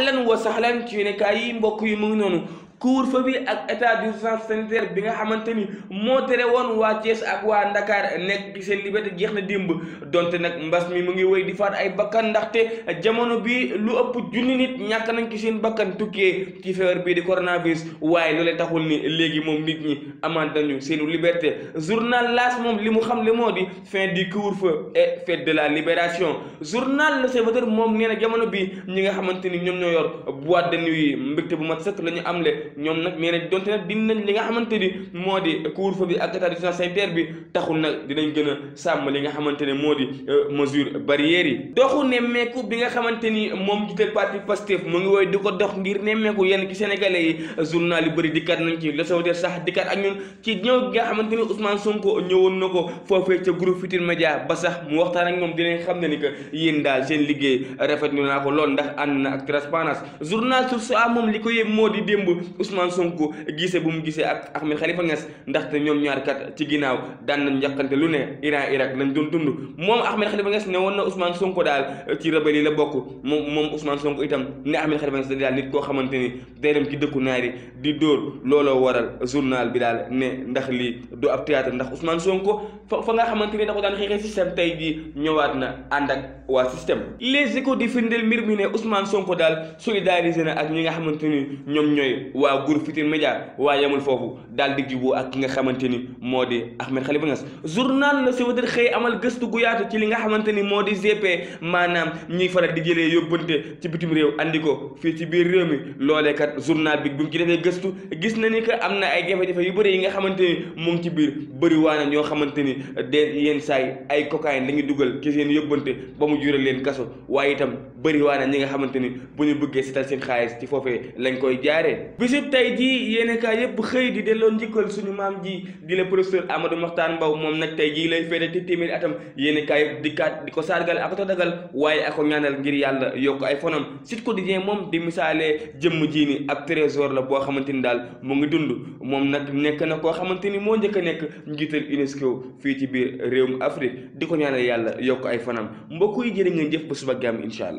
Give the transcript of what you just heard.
ahlan wa sahlan ci yéenekaay yi mbokk yi mu ngi noonu couvre-feu bi ak état sant sanitaire bi nga xamante ni moo tere woon waa Thiès ak waa Ndakaar nekk ci seen liberté jeex na démb donte nag mbas mi mu ngi wéy di faat ay bakkan ndaxte jamono bi lu ëpp junni nit ñàkk nañ ci seen bakkan tukkee ci feebar bii di coronavirus waaye loolee taxul ni léegi moom nit ñi amaat nañu seenu liberté journal L'As moom li mu xam le moo di fin du couvre-feu et fête de la libération journal L'Observateur moom nee na jamono bi ñi nga xamante ni ñoom ñoo yor boîte de nuit bu mat sëkk la ñu am le ñoom nag nee nañ donte nag nañ li nga xamante ni moo di couvre-feu bi ak état sanitaire bi taxul nag dinañ gën a sàmm nga xamante ne moo di euh, mesure barrière yi doxu nemmeeku bi nga xamante ni moom jiital parti Pastef mu ngi woy di ko dox ngir nemmeeku yenn ci sénégalais yi journal yu bëri dikkat nañ ci Le Soleil sax dikkat ak ñun ci ñëw gi nga xamante ni Ousmane Sonko ñëwoon na ko foofu ca groupe Futurs Médias ba sax mu waxtaan ak ñoom dinañ xam ne ni que yéen daal seen liggéey rafetlu naa ko lool ndax ànd na ak transparence journal Source A moom li ko yëpp moo di démb Ousmane Sonko gisee bu mu gisee ak Ahmed Khalifa Niass ndaxte ñoom ñaar kat ci ginnaaw daan nañ njaqante lu ne Iran Irak nañ doon dund moom Ahmed Khalifa Niass ne na Ousmane Sonko la bokk moom moom Ousmane Sonko itam ne Ahmed Khalifa Niass daal nit koo xamante ni day dem ci dëkku naari di dóor looloo waral journal bi ne ndax lii du ab théâtre ndax Ousmane Sonko fa fa nga xamante ni da ko daan xeexee système tey jii ñëwaat na waa système les échos di firndeel mbir mi ne Ousmane Sonko daal solidarisé na ak ñi nga xamante ñoom ñooy waa groupe waa yemul foofu daal di juboo ak ki nga xamante ni moo di Ahmed Khalifa Niass journal la si xëy amal gëstu gu yaatu ci li nga xamante ni moo di GP maanaam ñuy faral di jëlee yóbbante ci bitim réew andi ko fii ci biir réew mi loolee kat journal bi bu mu ci gëstu gis na ni que am na ay jafe-jafe yu bëri yi nga xamante ni mu ci biir bëri waana ñoo xamante ni de yenn saay ay cocaïne la dugal ci seen yóbbante ba mu jural leen kaso waaye itam bëri waana ñi nga xamante ni bu ñu buggee setal seen xaalis ci foofee lañ koy jaaree yëpp tey jii yéene kaay yëpp xëy di delloo njëkkal suñu maam ji di la professeur amadu maxtaan Mbow moom nag tey jii lay féete ci téeméeri atam yéene kaay yëpp dikkaat di ko sargal ak ko dagal waaye ak ko ñaanal ngir yàlla yokk ay fanam Sud Quotidien moom di misaalee jëmm jii ni ak trésor la boo xamante ni daal mu ngi dund moom nag nekk na koo xamante ni moo njëkk a nekk njiital UNESCO fii ci biir réewum Afrique di ko ñaanal yàlla yokk ay fanam mbokk yi jërë ngeen jëf ba suba gàmm incha allah